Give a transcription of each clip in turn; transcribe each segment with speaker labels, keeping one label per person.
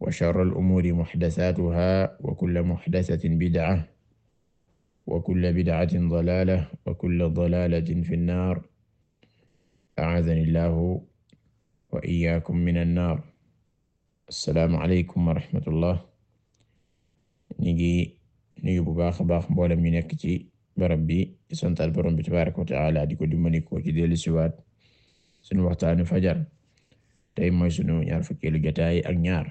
Speaker 1: wa sharral umuuri muhdasaatuhaa wa kulla muhdasatin bid'a wa kulla bid'atin dalaala wa kulla dalaalatin fi nnaar a'aazani llaahu wa iyyaakum mina nnaar assalaamu aleykum wa rahmatullah ñu ngi nuyu bu baax a baax mboolem ñu nekk ci barab bi santal Boroom bi tabaaraka wa ta'aala di ko dimbali ko ci dellu siwaat sunu waxtaanu fajar tey mooy sunu ñaar fukkeelu jotaay ak ñaar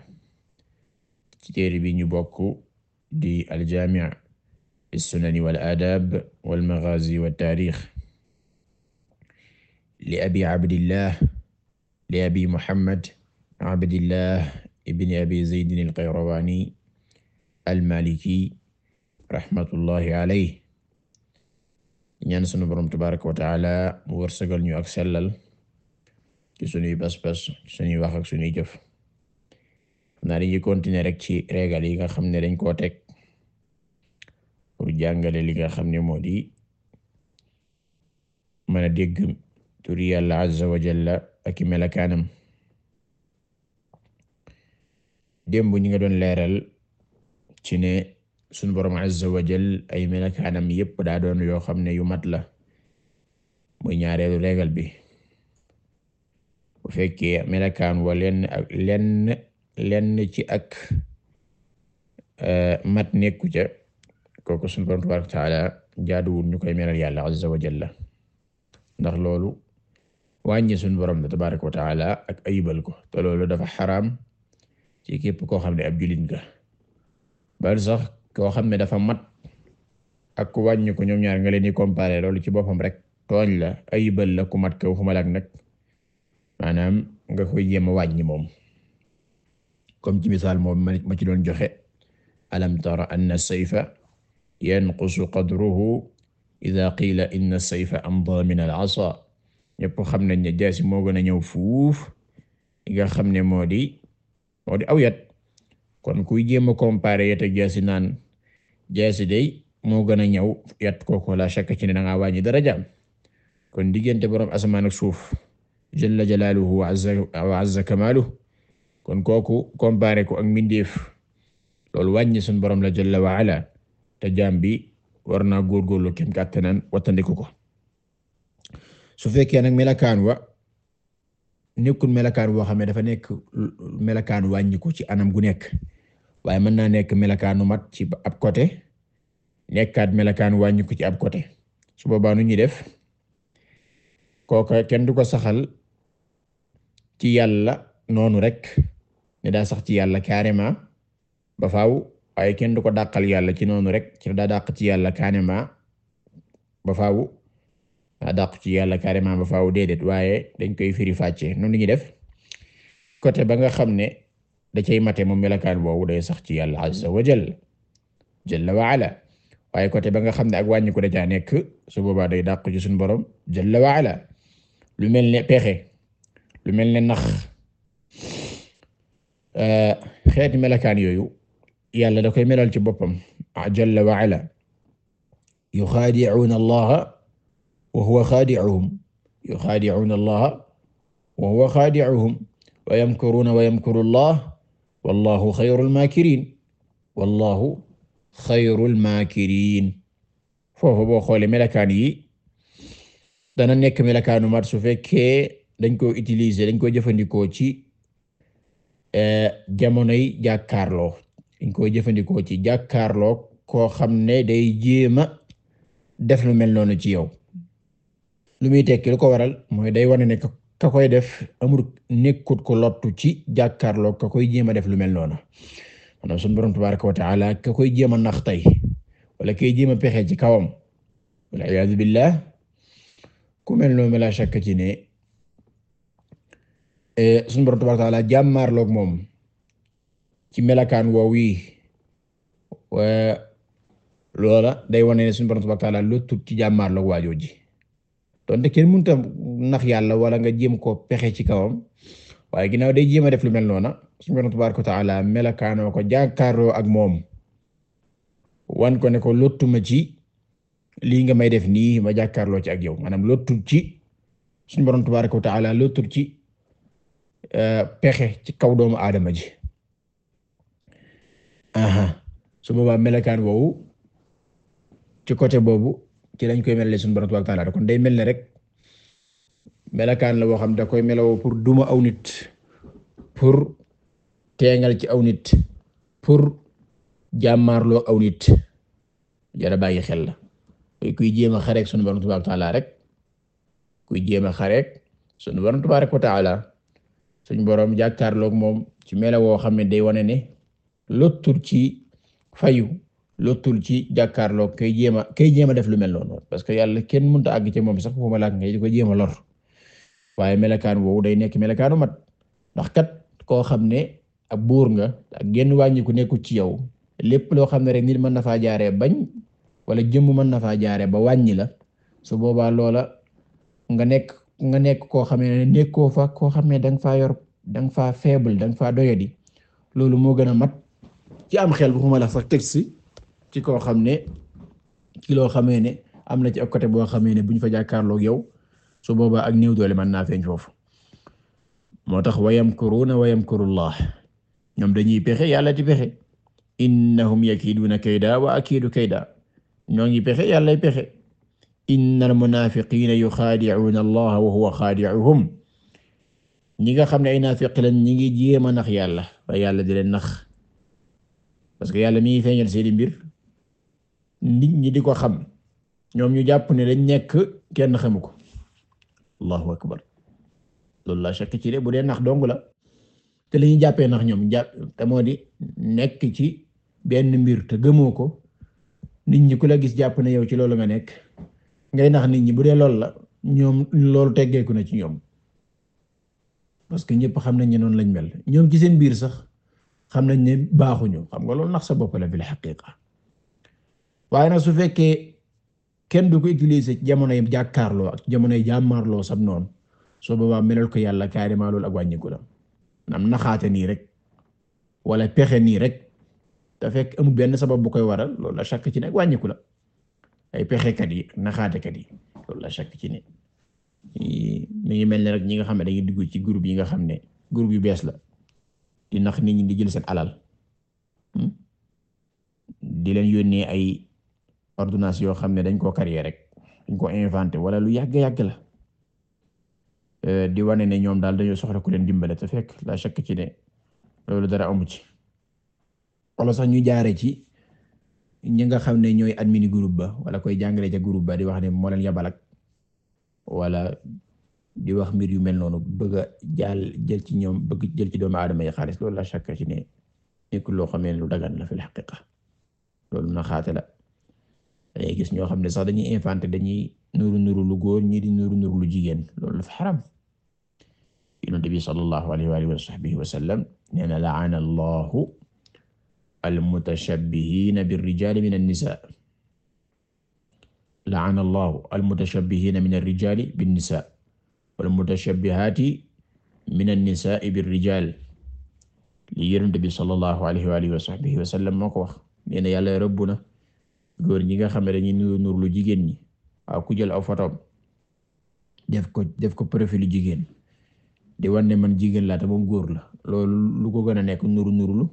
Speaker 1: ci téere bi ñu bokk di aljaami' lissunani wal aadaab wal maghaazi wat taariix li abi abdillah li abi muhammad abdillah ibni abi zaydin alqayrawaani almaliki raxmatullahi alayhi ñaan sunu boroom tabaaraka wa taala mu wërsëgal ñu ak sellal ci sunuy bas-bas sunuy wax nar yi continuer rek ci régal yi nga xam ne dañ koo teg pour jàngale li nga xam ne moo di mën a dégg turi yàlla azza wa jalla ak i melakaanam démb ñi nga doon leeral ci ne sunu borom azza wa jall ay melakaanam yépp daa doon yoo xam ne yu mat la muy ñaareelu régal bi bu fekkee melakaan lenn ci ak eh, mat nekku ca kooku sunu Boroom tabaaraka wa taala jaaduwul ñu koy melal yàlla azza wa jalla ndax loolu wàññi sunu Boroom tabaaraka wa taala ak ayibal ko te loolu dafa xaraam ci képp koo xam ne ab jullit nga bal sax koo xam ne dafa mat ak ku wàññi ko ñoom ñaar nga leen di comparer loolu ci boppam rek tooñ la ayibal la ku mat ko waxuma la nag maanaam nga koy jéem a wàññi moom comme ci misaal moom ma ci doon joxe alam tara anna sayfa yanqusu qadruhu ida qila inna sayfa amda min al asa ñëpp xam nañ ne jaasi moo gën a ñëw fuuf li xam ne moo di moo di aw yat kon kuy jéem a comparer yat ak jaasi naan jaasi day moo gën a ñëw yat kooku la shakka ci ne da ngaa wàññi daraja kon diggante boroom asamaan ak suuf jalla jalaaluhu wa azza kamaaluhu kon kooku comparé ko ak mbindeef loolu wàññi sunu borom la jalla wa ala te jaam bi war naa góorgóorlu kem kàttanam wattandiku ko su fekkee nag melakaan wa nekkul melakaan woo xam ne dafa nekk melakaan wàññiku ci anam gu nekk waaye mën naa nekk melakaanu mat ci ab côté nekkaat melakaan wàññiku ci ab côté su boobaa nu ñuy def kooka kenn du ko saxal ci yàlla noonu rek ne daa sax ci yàlla carrément ba faaw waaye kenn du ko dàqal yàlla ci noonu rek ci da dàq ci yàlla carrément ba faaw daa dàq ci yàlla carrément ba faaw déedéet waaye dañ koy firi fàcce noonu ñuy def côté ba nga xam ne da cay mate moom melakaan boobu day sax ci yàlla azza wa jalla jalla wa ala waaye côté ba nga xam ne ak wàññi ko da caa nekk su boobaa day dàq ci suñu borom jalla wa ala lu mel ne pexe lu mel ne nax Eh, xeeti melakaan yooyu yàlla da koy melal ci boppam jalla wa ala yuxaadicuuna allaha wa huwa xaadicuhum yuxaadicuuna allaha wa huwa xaadicuhum wa yamkuruuna wa yamkuru allah wallahu xayrul maakirin wallahu xayrul maakirin foofu boo xoolee melakaan yi dana nekk melakaanu mat su fekkee dañ ko utiliser dañ ko jëfandikoo ci Eh, jamonoy jàkkaarloo dañ ko jëfandikoo ci jàkkaarloo koo xam ne day jéema def lu mel noonu ci yow lu muy tekki lu ko waral mooy day wane ne ka koy def amul nekkut ko lottu ci jàkkaarloo ka koy jéema def lu mel noonu maanaam sunu borom tabaraka wa taala ka koy jéema nax tey wala kay jéema pexe ci kawam wal iyaadu billah ku mel noonu la shakk ci ne Eh, suñu borom tabaaraka wa taala jàmmaarloog moom ci melakaan woowu yi eh, loola day wane ne suñu borom tabaaraka taala lottut ci jàmmaarloog waajoo ji donte kenn mënut a nax yàlla wala nga jéem koo pexe ci kawam waaye ginnaaw day jéem a def lu mel noona suñu borom tabaaraka wa taala melakaanoo ko jàkkaarloo ak moom wan kone ko lotuma ci lii nga may def nii ma jàkkaarloo ci ak yow maanaam lottut ci suñu borom tabaaraka taala lottut ci. Eh, pexe ci kaw doomu aadama ji aha su boobaa melakaan woowu ci côté boobu ci lañ koy mel suñu borom tabaaraka kon day mel ne rek melakaan la boo xam da koy melawoo pour duma aw nit pour teengal ci aw nit pour jàmmaarloo aw nit jara bàyyi xel la kuy jéem a xareek sunu borom rek kuy jéem a xareek sunu borom tabaaraka suñ boroom jàkkaarlook moom ci melo woo xam ne day wane ne lottul ci fayu lottul ci jàkkaarloog kay jéem a kay jéem a def lu mel noonu parce que yàlla kenn mënta àgg ci moom sax fu ma laak ko jéem a waaye melakaan woowu day nekk melakaanu mat ndax kat koo xam ne ab buur nga ak genn wàññiku nekkul ci yow lépp loo xam ne rek nit mën na jaaree bañ wala jëmm mën na jaaree ba wàññi la su boobaa loola nga nekk nga nekk koo xam ne nekkoo fa koo xam ne da nga faa yor da nga faa faible da nga faa doyadi loolu moo gën a mat ci am xel bu xuma la sax teg si ci koo xam ne ci loo xamee ne am na ci ak côté boo xamee ne buñ ñu fa jàkkaarloog yow su boobaa ak néew doole mën naa feeñ foofu moo tax wa yamkuruuna wa yamkurullah ñoom dañuy pexe yàlla di pexe innahum yakiiduuna kayda wa akiidu kayda ñoo ngi pexe yàllay pexe innal munaafiqiina yuxaadicuuna allaha wa huwa xaadicuhum ñi nga xam ne ay naafiq lañ ñi ngi jéem a nax yàlla ba yàlla di leen nax parce que yàlla mi ngi feeñal seeni mbir nit ñi di ko xam ñoom ñu jàpp ne dañ nekk kenn xamu ko allahu akbar loolu la shakk ci de bu dee nax dong la te li jàppee nax ñoom jàpp te moo di nekk ci benn mbir te gëmoo ko nit ñi ku la gis jàpp na yow ci loolu nga nekk ngay nax nit ñi bu dee loolu la ñoom loolu teggeeku na ci ñoom parce que ñëpp xam nañ ne noonu lañ mel ñoom ci seen biir sax xam nañ ne baaxuñu xam nga loolu nax sa bopp la bil xaqiqa waaye nag su fekkee kenn du ko utiliser ci jamonoy jàkkaarloo ak jamonoy jàmmaarloo sam noon soo boobaa melal ko yàlla carrément loolu ak wàññiku la nam naxaate nii rek wala pexe nii rek te fekk amul benn sabab bu koy waral loolu la chàkk ci nekk wàññiku la ay pexekat yi naxaatekat yi loolu la chaque ci ne mi ngi mel ne rek ñi nga xam ne dañuy dugg ci groupe yi nga xam ne groupe yu bees la di nax nit ñi di jël seen alal hmm? di leen yónnee ay ordonnance yoo xam ne dañ koo créer rek dañ ko inventé wala lu yàgg yàgg la euh, di wane ne ñoom daal dañoo soxla ku leen dimbale te fekk la chaque ci ne loolu dara amu ci wala sax ñu jaare ci ñi nga xam ne ñooy admini groupe ba wala koy jàngale ca groupe ba di wax ne moo leen yabalak wala di wax mbir yu mel noonu bëgg a jaal jël ci ñoom bëgg jël ci doomu adama yi xaalis loolu la shakka ci ne nekkul loo xamee lu dagan la fil loolu na la dangay gis ñoo xam ne sax dañuy inventé dañuy nuru nuru lu góor ñii di nuru nuru lu jigéen loolu dafa xaram yonent bi sallallahu alayhi wa alihi wa sahbihi wa sallam na la'ana Allahu almutashabbihiina birrijaali mina nisaa la'ana Allahu almutashabbihiina mina rijaali binnisaa walmutashabbihaati mina nisaa'i birrijaal li Yonent bi sallallahu alayhi wa aalihi wa sahbihi wa sallam moo ko wax nee na yàlla rëbb na ñi nga xam ne dañuy nuru nuru lu jigéen ñi ku jël aw fotoom def ko def ko profil jigéen di wan man jigéen laa te moom góor la loolu lu ko gën a nekk nuru nuru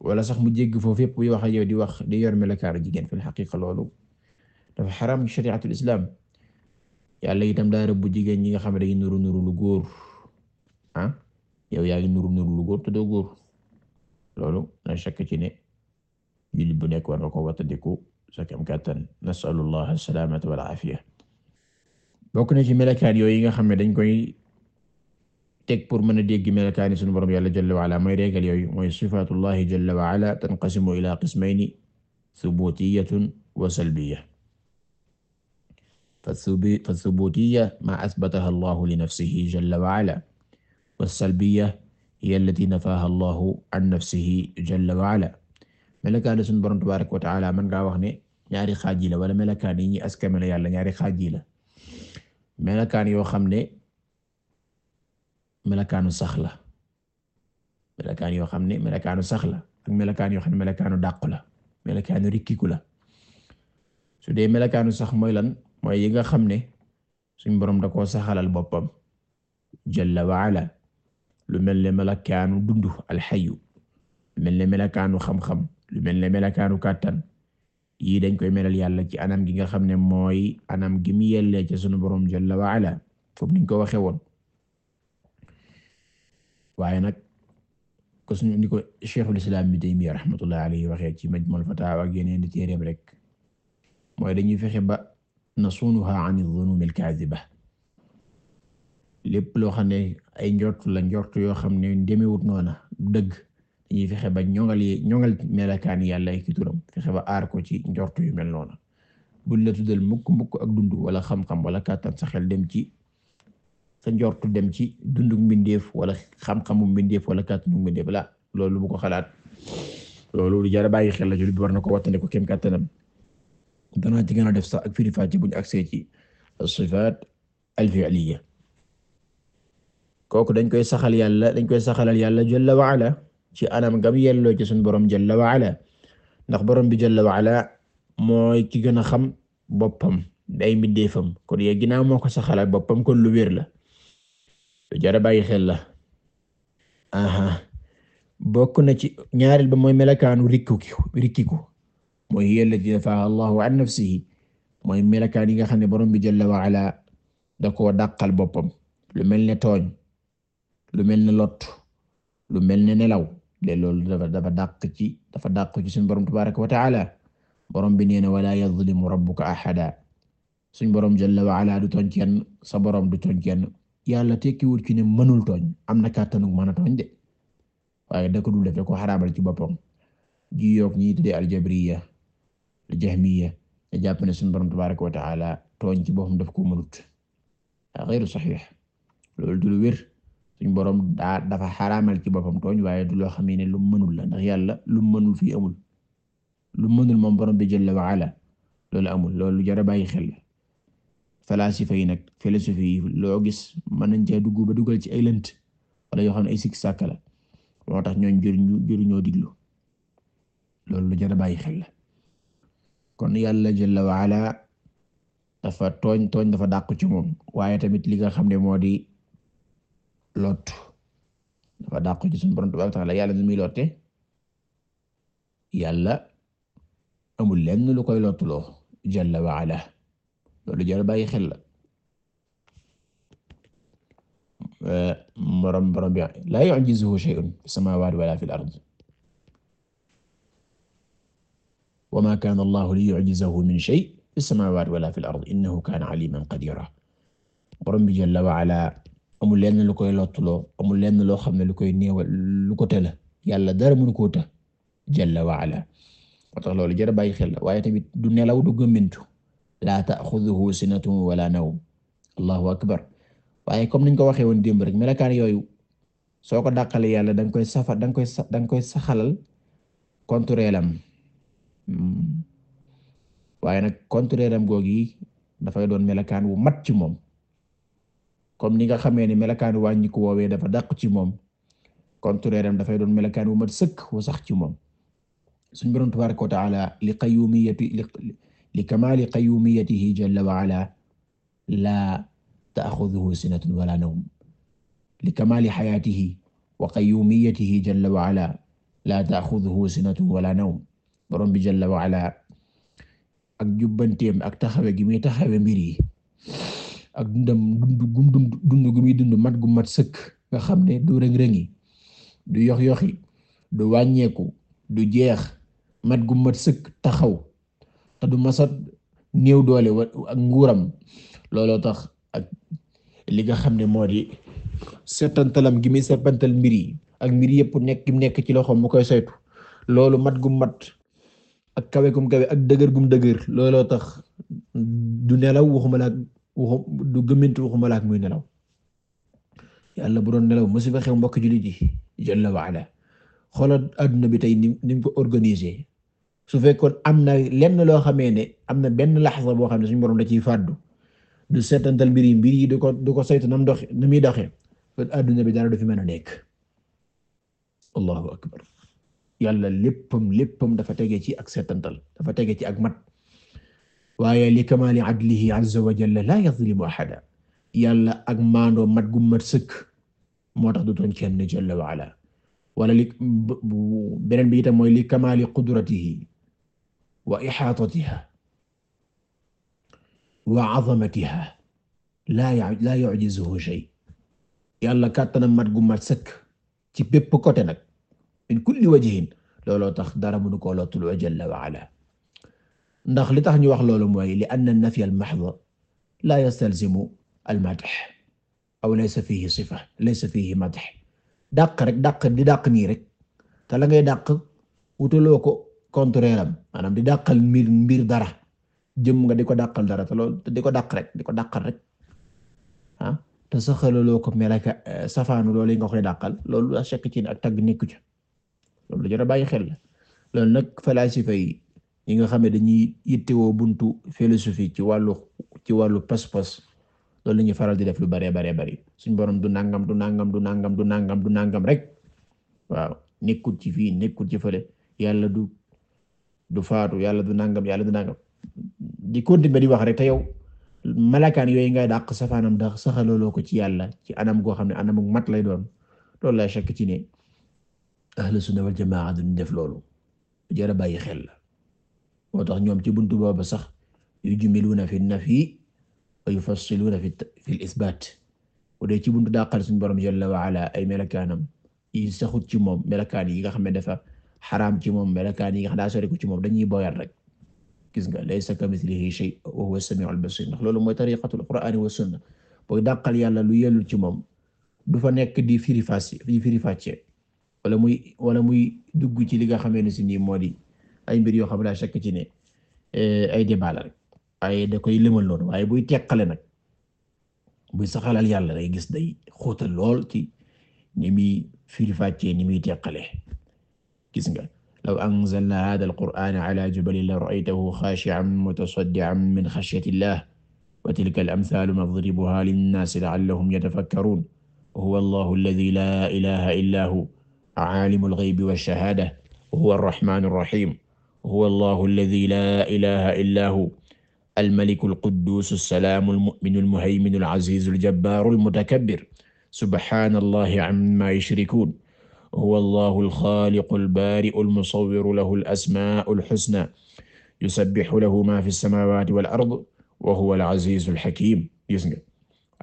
Speaker 1: wala sax mu jégg foofu yëpp buy wax ak yow di wax di yor melakaaru jigéen fil xaqiqa loolu dafa xaram shari'atul islam yàlla itam daa rëbb jigéen ñi nga xam ne dañuy nuru nuru lu góor ah yow yaa ngi nuru nuru lu góor te doo loolu na shakk ci ne jullit bu nekk war na ko wattandiku sa kam kàttan nasalullah salaamata wal afiya bokk na ci melakaan yooyu nga xam dañ koy teg pour mën a dégg melakaani sunu borom yàlla jalla wa ala mooy réegal yooyu mooy sifatullahi jalla wa ala tanqasimu ila qismayni subutiyatun wa salbiya فالثبوتية ما أثبتها الله لنفسه جل وعلا والسلبية هي التي نفاها الله عن نفسه جل وعلا melokaan sunu Boroom tabaaraka wa ta'aala mën ngaa wax ne ñaari xaaj la wala melokaan yi ñi askan la Yàlla ñaari xaaj la melokaan yoo xam ne melakaanu sax la melakaan yoo xam ne melakaanu sax la ak melakaan yoo xam ne melakaanu dàqu la melakaanu rikkiku la su dee melakaanu sax mooy lan mooy yi nga xam ne suñ boroom da koo saxalal boppam jalla wa ala lu mel ne melakaanu dundu alxayu lu mel ne melakaanu xam-xam lu mel ne melakaanu kàttan yii dañ koy melal yàlla ci anam gi nga xam ne mooy anam gi mu yellee ci sunu boroom jalla wa ala comme niñ ko waxe woon waaye nag ko suñu ni ko cheikhul islam bi Taymiyya rahmatullahi alayhi waxee ci Majmu'ul Fatawa ak yeneen di téereem rek mooy dañuy fexe ba nasunuha an az-zunun al-kaziba lépp loo xam ne ay njort la njort yoo xam ne demewut noona dëgg dañuy fexe ba ñoŋal yi ñoŋal melakaan yàlla ay ki turam fexe ba aar ko ci njort yu mel noona bu la tuddal mukk mukk ak dund wala xam-xam wala kàttan sa xel dem ci sa njortu dem ci dundu mbindeef wala xam-xamu mbindeef wala kàttanu mbindeef la loolu bu ko xalaat loolu lu jar a bàyyi xel la jullit bi war na ko wattandi ko kem kàttanam danaa ci a def sax ak firi faa ci buñu ci sifaat al kooku dañ koy saxal yàlla dañ koy saxalal yàlla jalla wa ala ci anam gam yelloo ci suñu borom jalla wa ala ndax borom bi jalla wa ala mooy ki gën a xam boppam day mbindeefam kon ye ginaaw moo ko saxalal boppam kon lu wér la lu jar a bàyyi xel la aha bokk na ci ñaareel mooy melakaanu rikku rikkiku mooy hiya allati dafaa Allahu mooy melakaan yi nga xam ne borom bi jalla wa ala da koo dàqal boppam lu mel ne tooñ lu mel ne lot lu mel ne nelaw de loolu dafa dafa dàq ci dafa dàq ci suñu borom tabaraka wa taala borom bi nee wala yazlimu rabbuka ahada suñu borom jalla wa du tooñ kenn sa du tooñ kenn yàlla tekkiwul ci ne mënul tooñ am na kàttanu mën a tooñ de waaye da ko dul def ko xaraamal ci boppam ji yoog ñi tudde aljabriya aljahmiya da jàpp ne suñu borom tabaraka wa taala tooñ ci boppam daf ko mënut ghayru sahih loolu du lu wér suñu borom daa dafa xaraamal ci boppam tooñ waaye du loo xam ne lu mënul la ndax yàlla lu mënul fii amul lu mënul moom borom bi jalla wa ala loolu amul loolu jar bàyyi xel falaasifa yi nag philosophie yi loo gis mën nañ cee dugg ba dugal ci ay lënt wala yoo xam ne ay sikk sàkk la tax ñooñ jëriñu ñoo diglu loolu lu jar a bàyyi xel la kon yàlla jalla waala dafa tooñ tooñ dafa dàq ci moom waaye tamit li nga xam ne moo di lot dafa dàq ci suñu borom tabaaraka taala yàlla nu muy lotte yàlla amul lenn lu koy lottuloo jalla waala loolu jar bàyyi xel la borom borom bi laa yu'jizuhu shay'un fi samaawaati wala fil ard wa maa kaana Allahu liyu'jizahu min shay'in fi samaawaati wala fil ard innahu kaana aliiman qadiira borom bi jalla wa ala amul lenn lu koy lottuloo amul lenn loo xam ne lu koy néewal lu ko tëla yàlla dara mënu koo ta jalla wa ala moo tax loolu jar bàyyi xel la waaye tamit du nelaw du gëmmentu laa taaxuduhu sinatun wala nawm allahu akbar waaye comme niñ ko waxee woon démb rek melakaan yooyu soo ko dàqale yàlla danga koy safa danga koy danga koy saxalal contraire am hmm. waaye nag contraire am googi dafay doon melakaan wu mat ci moom comme ni nga xamee ne melakaan wàññi ko woowee dafa dàq ci moom contraire am dafay doon melakaan wu mat sëkk wu sax ci moom suñ borom tabaraka wa taala li qayyumiyati likamaali qayyuumiyatihi jalla wa ala laa ta'xuduhu sinatun wala nawm likamaali xayaatihi wa qayyuumiyatihi jalla wa ala laa ta'xuduhu sinatun wala nawm borom bi jalla wa ala ak jubbanteem ak taxawe gi taxawe mbir ak dundam dundu gum dundu dundu gu muy xam ne du rëng du yox du wàññeeku du jeex mat gu mat sëkk taxaw te du masat néew doole ak nguuram looloo tax ak li nga xam ne moo di setantalam gi muy setantal mbir yi ak mbir yëpp nekk gi mu nekk ci loxoom mu koy saytu loolu mat gum mat ak kawe gum kawe ak dëgër gum dëgër looloo tax du nelaw waxuma la ak waxu du gëmmintu waxuma muy nelaw yàlla bu doon nelaw musiba xew mbokk jullit yi jalla waala xoolal adduna bi tey ni ko organisé su fekkoon am na lenn loo xamee ne am na benn laxsa boo xam ne suñu borom da ciy fàddu du seetantal mbir yi mbir yi du ko du ko dox na muy doxee kon bi dara du fi mën a nekk allahu akbar yàlla léppam léppam dafa tege ci ak seetantal dafa tege ci ak mat waaye li kamaali adlihi azza wa jalla la yazlimu yàlla ak maandoo mat gu mat sëkk moo tax du doon kenn jalla wala li beneen bi mooy li kamaali qudratihi وإحاطتها وعظمتها laa laa yu'jizuhu shay yàlla kàttanam mat gu mat sëkk ci bépp côté nag min kulli wajhin looloo tax dara mënu koo lottul wa jalla wa ala ndax li tax ñu wax loolu mooy li anna an-nafya al-mahdha laa yastalzimu al-madh aw laysa fihi sifa laysa fihi madh dàq rek dàq di dàq nii rek te la ngay dàq wutaloo ko contraire am maanaam di dàqal mbir mbir dara jëm nga di ko dàqal dara te loolu di ko dàq rek di ko dàqal rek ah te saxalaloo ko melaka eh, safaanu loolu nga koy dàqal lool a sekk ci ak tagg nekku ca loolu lu bàyyi xel loolu nag falasifa yi ñi nga xam ne dañuy yittewoo buntu philosophie ci wàllu ci wàllu pas-pas loolu la faral di def lu bare bare bari suñ borom du nangam du nangam du nangam du nangam du nangam rek waaw nekkul ci fii nekkul ci fële yàlla du du faatu yàlla du nangam yàlla du nangam di continuer di wax rek te yow malakaan yooyu ngay dàq safaanam dax saxalooloo ko ci yàlla ci anam goo xam ne anamu mat lay doon loolu lay chakk ci ne ahlu sunna wal jamaa duñ def loolu jar a bàyyi xel la moo tax ñoom ci buntu boobu sax yu yujmiluuna fi nafi wa yufassiluuna fi fi l isbaat bu dee ci buntu dàqal suñu borom jalla wa ala ay melakaanam yi saxut ci moom melakaan yi nga xam ne dafa xaraam ci moom melakaan yi nga xam daa ko ci moom dañuy boyal rek gis nga laysa kamithlihi shay wa huwa samiul basir ndax loolu mooy tariqatul qur'ani wa sunna booy dàqal yàlla lu yellul ci moom du fa nekk di firifacce di firifacce wala muy wala muy dugg ci li nga xamee ne si nii moo di ay mbir yoo xam ne daa sekk ci ne eh, ay débat rek waaye da koy lëmal waaye buy teqale nag buy saxalal yàlla day gis day xóotal lool ci ni muy firifacce ni muy teqale gis nga law anzalna hada alqur'ana ala jabalin la ra'aytahu khashi'an mutasaddi'an min khashyati llah wa tilka al-amthaalu nadribuha linnaasi la'allahum yatafakkaruun huwa allahu alladhi laa ilaaha illaa hu aalimul ghaybi wash-shahaada huwa ar-rahmaanu ar-rahiim huwa allahu alladhi laa ilaaha illaa hu al-maliku al-qudduusu as-salaamu al-mu'minu al-muhayminu al-'aziizu al-jabbaaru al-mutakabbir subhaana allahi ammaa yushrikuun huwa allahu alxaaliqu albaari'u almusawwiru lahu alasmaa'u alxusnaa yusabbihu lahu maa fi samaawaati wal ard wa huwa alaziizu alxakiim gis nga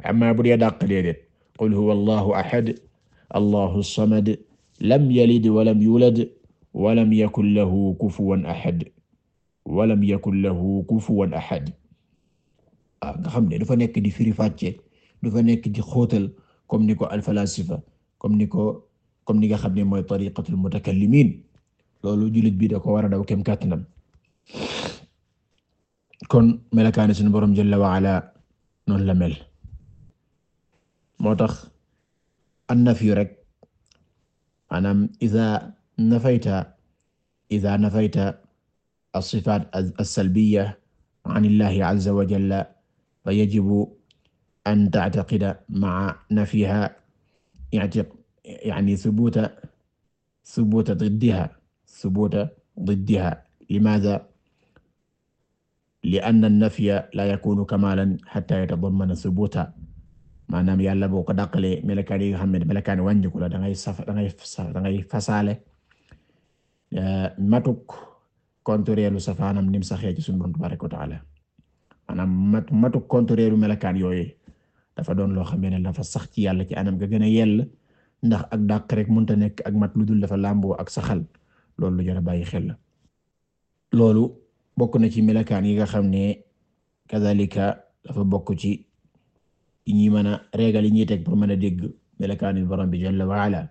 Speaker 1: amma bu dee dàq déedéet qul huwa allahu ahad allahu samad lam yalid walam yulad walam yakun lahu kufuwan ahad walam yakun lahu kufuwan ahad ah nga xam ne dafa nekk di firi fàcce dafa nekk di xóotal comme ni ko alfalaasifa comme ni ko comme ni nga xam ne mooy tariqatul mutakallimin loolu jullit bi da ko war a daw kem kàttanam kon melakaani suñu borom jalla wa ala noonu la mel moo tax annafyu rek maanaam iza nafayta iza nafayta as-sifaat as-salbiyya an illahi azza wa jalla fa yajibu an ta'taqida ma'a nafyiha i'tiqad يعني ثبوت ثبوت ضدها ثبوت ضدها لماذا؟ لأن النفي لا يكون كمالا حتى يتضمن ثبوتها maanaam yàlla boo ko dàqalee melakaan yi nga xam ne melakaan wàññiku la da ngay saf da ngay saf da ngay fasaale matuk contraire lu safaanam nim saxee ci sunu borom tabaraka wa taala maanaam matuk contraire lu melakaan yooyu dafa doon loo xam ne dafa sax ci yàlla ci anam ga gën a yell ndax ak dàq rek mënta nekk ak mat lu dul dafa làmboo ak saxal loolu lu jar a bàyyi xel la loolu bokk na ci melakaan yi nga xam ne kazalika dafa bokk ci ñi mën a régal yi ñuy teg pour mën a dégg melakaani borom bi jalla wa ala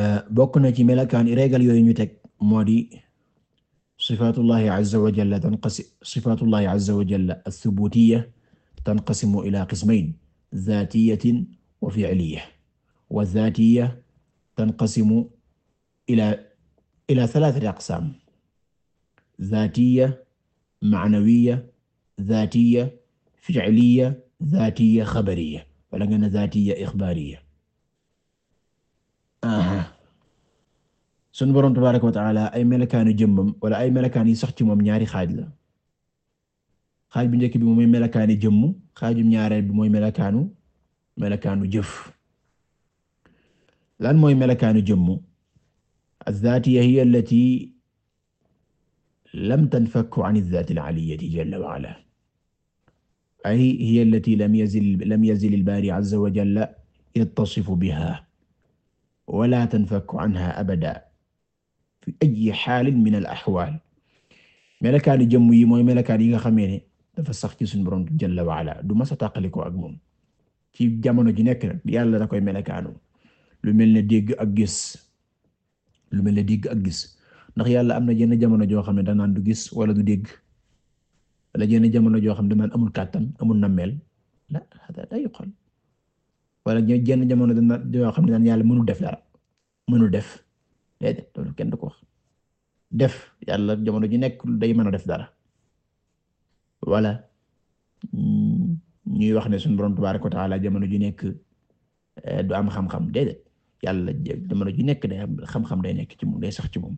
Speaker 1: euh, bokk na ci melakaan yi régal yooyu ñu teg moo di sifaatullahi azza wa jalla tanqasim sifaatullahi azza wa jalla ath-thubutiyya tanqasimu ila qismayn zaatiyyatin wa fi'liyya wa zaatiya tanqasimu ila ila thalathati aqsaam zaatiya maanawiya zaatiya ficiliya zaatiya xabariya wala nga ne zaatiya ixbaariya sunu boroom tabaaraka wa taala ay melakaanu jëmmam wala ay melakaan yi sax ci moom ñaari xaaj la xaaj bu njëkk bi mooy melakaani jëmm xaajum ñaareel bi mooy melakaanu melakaanu jëf lan mooy melakaanu jëmmu azzaatiya hiya allati lam tanfakku an azzaati al-aliyyati jalla wa ala ay hiya allati lam yazil lam yazil al-baari azza wa jalla yattasifu biha wa la tanfakku anha abada fi ayyi xaalin min al-axwaal melakaanu jëmm yi mooy melakaan yi nga xamee ne dafa sax ci suñu borom jalla wa ala du masa tàqalikoo ak moom ci jamono ji nekk yàlla da koy melakaanu lu mel ne dégg ak gis lu mel ne dégg ak gis ndax yàlla am na jenn jamono joo xam ne danaan du gis wala du dégg wala jenn jamono joo xam ne danaan amul kàttan amul nammeel la day yuqal jenn jamono dana joo xam ne daan yàlla mënul def dara mënul def déedéet loolu kenn du ko wax def yàlla jamono ji nekk day mën a def dara wala mm, ñuy wax ne suñu borom tabaaraka wa jamono ji nekk eh, du am xam-xam déedéet yàlla jamono ju nekk day am xam-xam day nekk ci moom day sax ci moom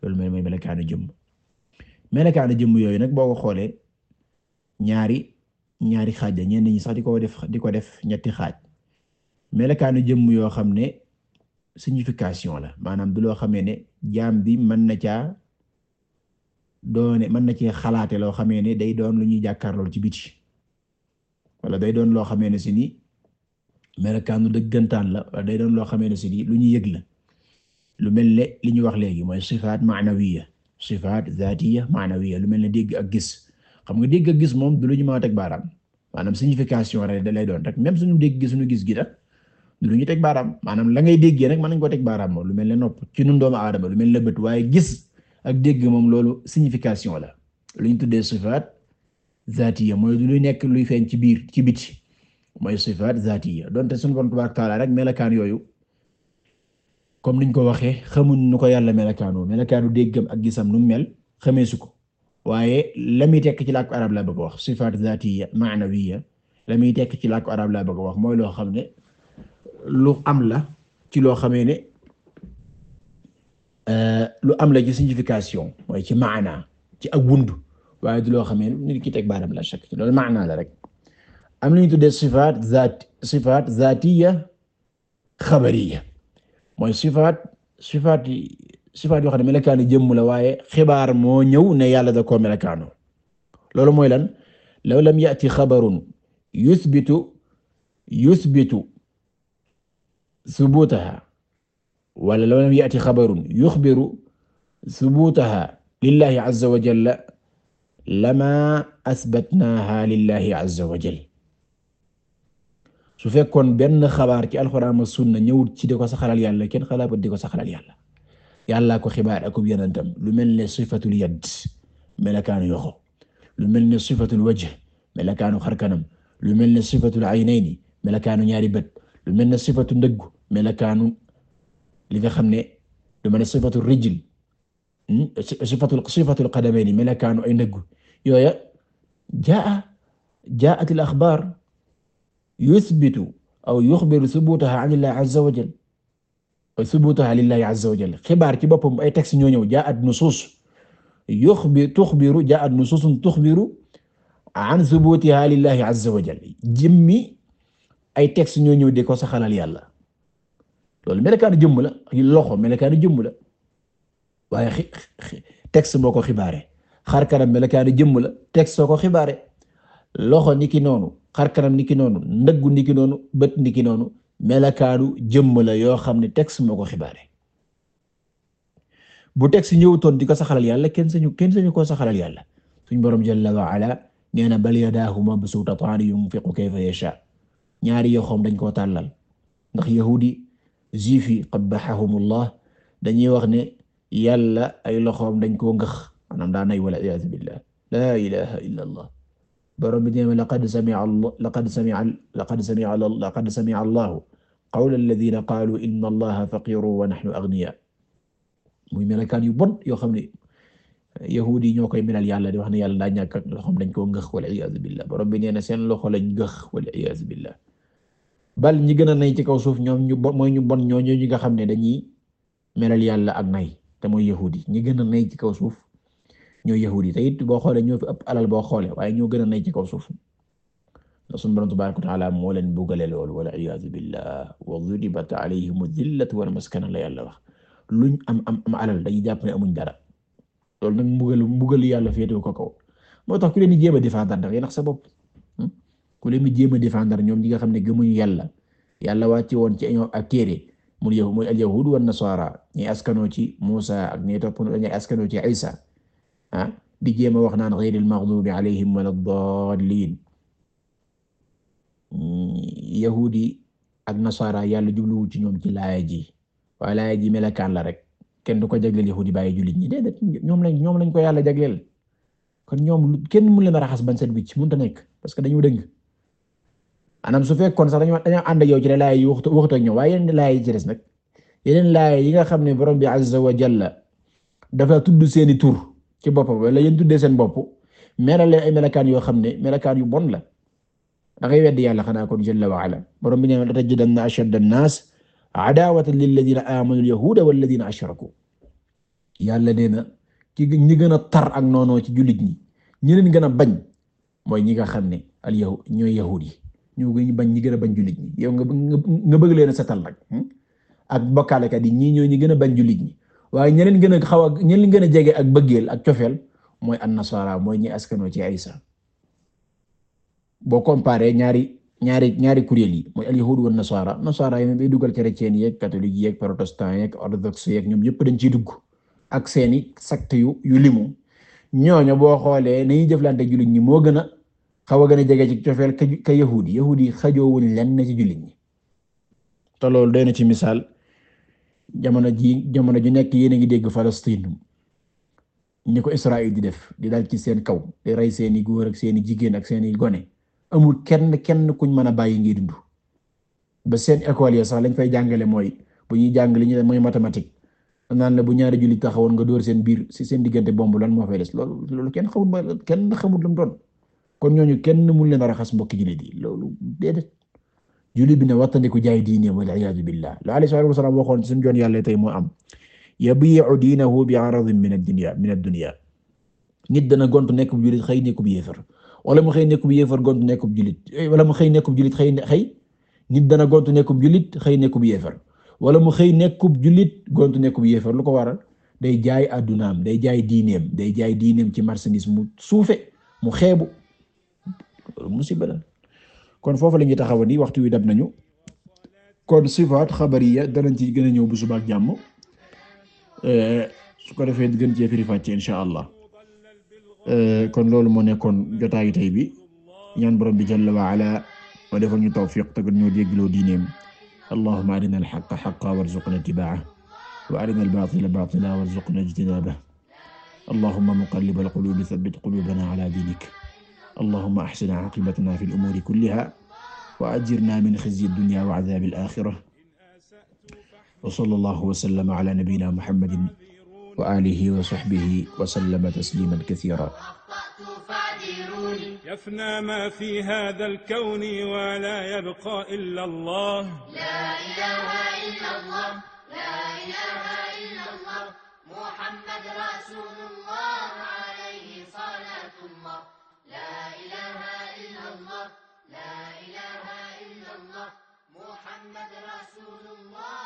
Speaker 1: loolu mooy mooy melakaanu jëmm melakaanu jëmm yooyu nag xoolee ñaari ñaari xaaj la ñenn ñi sax di ko def di ko def ñetti xaaj melakaanu jëmm yoo xam ne signification la maanaam du loo xamee ne jaam bi mën na caa doone mën na cee xalaate loo xamee ne day doon lu ñuy jàkkaarloo ci biti wala day doon loo xamee ne si ni melokaanu dëggantaan la day doon loo xamee ne si lu ñu yëg la lu mel ne li ñu wax léegi mooy sifaat maanawiya sifaat zaatiya maanawiya lu mel ne dégg ak gis xam nga dégg ak gis moom du lu ñu mën teg baaraam maanaam signification rek da lay doon rek même suñu dégg gi gis gi nag lu ñu teg baaraam maanaam la ngay déggee nag mën nañ ko teg baaraam moom lu mel ne nopp ci nun doomu aadama lu mel ne bët waaye gis ak dégg moom loolu signification la lu ñu tuddee sifaat zaatiya mooy lu luy nekk luy feeñ ci biir ci bit mooy sifaat zaatiya donte sunu borom tabaaraka taala rek melakaan yooyu comme niñ ko waxee xamuñ nu ko yàlla melakaanoo melakaanu déggam ak gisam nu mel xamee su ko waaye la muy tekk ci làkku arab laa bëgg a wax sifaat zaatiya maanawiya la muy tekk ci làkku arab laa bëgg a wax mooy loo xam ne lu am la ci loo xamee ne euh, lu am la ci signification mooy ci maana ci ak wund waaye du loo xamee nit ki teg baaraam la chaque ci loolu maana la rek. am lu ñu tuddee sifaat zaat sifaat zaatiya xabariya mooy sifaat sifaat sifaat yoo xam ne melakaanu jëmm la waaye xibaar moo ñëw ne yàlla da koo melakaanoo loolu mooy lan law lam yati xabarun yusbitu yusbitu subutaha wala law lam yati xabarun yuxbiru subutaha lillahi azza wa jalla lama asbatnaaha lillahi azza wa jalla su fekkoon benn xabaar ci alxuraan ak sunna ñëwut ci di ko saxalal yàlla kenn xalaatut di ko saxalal yàlla yàllaa ko xibaar akub yonentam lu mel ne sifatul yad melakaanu yoxo lu mel ne sifatul wajh melakaanu xarkanam lu mel ne sifatul aynayni melakaanu ñaari bët lu mel ne sifatu ndëggu melakaanu li nga xam ne lu mel ne sifatul rijl hmm, sifatul ay ndëggu yooya jaat al yusbitu aw yuxbiru subutaha an illahi azza wa jal subutaha azza wa jal xibaar ci boppam ay texte ñoo ñëw jaa at nusuus yuxbi tuxbiru jaa at nusuusun tuxbiru an subutiha lillahi azza wa jal ay texte ñoo ñëw de ko saxalal yàlla loolu melekaanu jëmm la loxo melekaanu jëmm la waaye texte boo ko xibaare xar kanam melekaanu jëmm la texte soo ko xibaare loxo niki noonu xarkanam niki noonu ndëggu niki noonu bët niki noonu melakaanu jëmm la yoo xam ne texte moo ko xibaare bu texte ñëwutoon di ko saxalal yàlla kenn sañu kenn sañu koo saxalal yàlla suñ borom jalla wa ala nee na bal yadaahu mabsuutataani yunfiqu kayfa yasha ñaari yoxoom dañ koo tàllal ndax yahudi juif yi qabbahahumullah dañuy wax ne yàlla ay loxoom dañ ko ngëx maanaam daa nay iyaazu billah la ilaha illa borom bi dina laqad sami'a laqad sami'a laqad sami'a laqad sami'a Allahu qawla alladhina qaalu inna Allaha faqirun wa nahnu aghniya muy melokaan yu bon yoo xam ne yahuud yi ñoo koy melal yàlla di wax ne yàlla daa ñàkk ak loxoom dañ koo ngëx wal iyaazu billah borom bi nee na seen loxo lañ ngëx wal iyaazu billah bal ñi gën a nay ci kaw suuf ñoom ñu bon mooy ñu bon ñoo ñi nga xam ne dañuy melal yàlla ak nay te mooy yahuud yi ñi gën a nay ci kaw suuf ñooy yahudi te it boo xoolee ñoo fi ëpp alal boo xoolee waaye ñoo gën a nay ci kaw suuf na sunu borom tabaaraka wa taala moo leen bugale loolu wal iyaadu billah wa dudibat alayhim dillatu wal maskana la yàlla wax luñ am am am alal dañuy jàpp amuñ dara loolu nag mbugal mbugal yàlla féetewoo ko kaw moo tax ku leen di jéem a défendre da ngay nax sa bopp hmm? ku leen di jéem a défendre ñoom ñi nga xam ne gëmuñu yàlla yàlla wàcce woon ci ñoom ak téere mu yahuud muy al yahuud wan nasaara ñi askanoo ci Muusa ak ñi topp ñi askanoo ci Isa ah di jéem a wax naan ghayril maghdubi alayhim wala dallin hmm, yahudi ak nasara yàlla jubluwu ci ñoom ci laaya ji waaye laaya ji melakaan la rek kenn du ko jagleel yahudi bàyyi jullit ñi déedéet ñoom lañ ñoom lañ ko yàlla jagleel kon ñoom kenn mënu leen a raxas ban set wicc mënut a nekk parce que dañu dëng anam su fekkoon sax dañoo dañoo ànd yow ci ne laay yi waxtu waxtu ak ñoom waaye yeneen laay ci des nag yeneen laay yi nga xam ne borom bi azza wa jalla dafa tudd seeni tur ci boppam wala yéen tuddee seen bopp melal leen ay melakaan yoo xam ne melakaan yu bon la da ngay weddi yàlla xanaa kon jalla wa ala borom bi nee na latajidanna ashadda an-naas adaawatan lilladina amanu al-yahuda walladina ashraku yàlla nee na ki ñi gën a tar ak noonoo ci jullit ñi ñi leen gën a bañ mooy ñi nga xam ne al yahud ñooy yahud yi ñoo gën bañ ñi gën a bañ jullit yow nga bëgg leen a setal nag hmm? ak yi ñii ñoo ñi gën a bañ jullit ñi waaye ñi leen gën a xaw a ñi leen gën a jege ak bëggeel ak cofeel mooy an nasara mooy ñi askanoo ci Isa boo comparé ñaari ñaari ñaari kuréel yi mooy al yahud wa nasara nasara yi bay dugal chrétien yeeg catholique yeeg protestant yeeg orthodoxe yeeg ñoom ñëpp dañ ciy dugg ak seeni secte yu yu limu ñooñu boo xoolee nañuy jëflante jullit ñi moo gën a xaw a gën a jege ci cofeel ka yahud yi yahud yi xajoowuñ len na ci jullit ñi te loolu na ci misaal jamono ji jamono ju nekk yéen a ngi dégg Palestine ni ko Israël di def di dal ci seen kaw di rey seeni góor ak seeni jigéen ak seeni gone amul kenn kenn kuñ mën a bàyyi ngi dund ba seen école ya sax lañ fay jàngale mooy bu ñuy jàng li ñu mooy mathématique naan la bu ñaari julli taxawoon nga dóor seen biir si seen diggante bomb lan moo fay des loolu loolu kenn xamul ma kenn xamul lu mu doon kon ñooñu kenn mun leen a raxas mbokki jullit di loolu déedéet julli bi na wattandiku jaay diine wal iyaadu billah la alayhi salaatu wasalaam waxoon suñu joon yàlla tey moo am yabi'u diinahu bi aradin min ad-dunya min ad-dunya nit dana gont nekkub xëy nekkub yéefar wala mu xëy nekkub yéefar gont nekkub jullit eh, wala mu xëy nekkub jullit xëy xëy nit dana gont nekkub jullit xëy nekkub yéefar wala mu xëy nekkub jullit gont nekkub yéefar lu ko waral day jaay àddunaam day jaay diineem day jaay diineem ci marchandise mu suufe mu xeebu musiba la kon foofu la ñuy taxawa ni waxtu wi dab nañu kon sifaat xabariya danañ ci gën a ñëw bu subaak jàmm eh, su ko defee gën cee firi fàcce insha allah eh, kon loolu moo nekkoon jotaayu tey bi ñaan borom bi jalla wa ala wa defal ñu tawfiq te gën ñoo déggloo diineem allahumma arina alxaqa xaqa warzuqna ittibaa'a wa arina albaatila baatila warzuqna ijtinaaba allahumma muqallibal quluubi sabbit quluubana ala diinik allahuma axsin caqibatna fi lumuuri kulliha wa ajirna min xizyi dunya wa cadaabi alaaxira wa sallallahu wa sallam ala nabiyina muhammadin wa alihi wa sahbihi wa sallama tasliman kasiira يفنى ما في هذا الكون ولا يبقى إلا الله لا إله إلا الله لا إله إلا الله محمد رسول رسول الله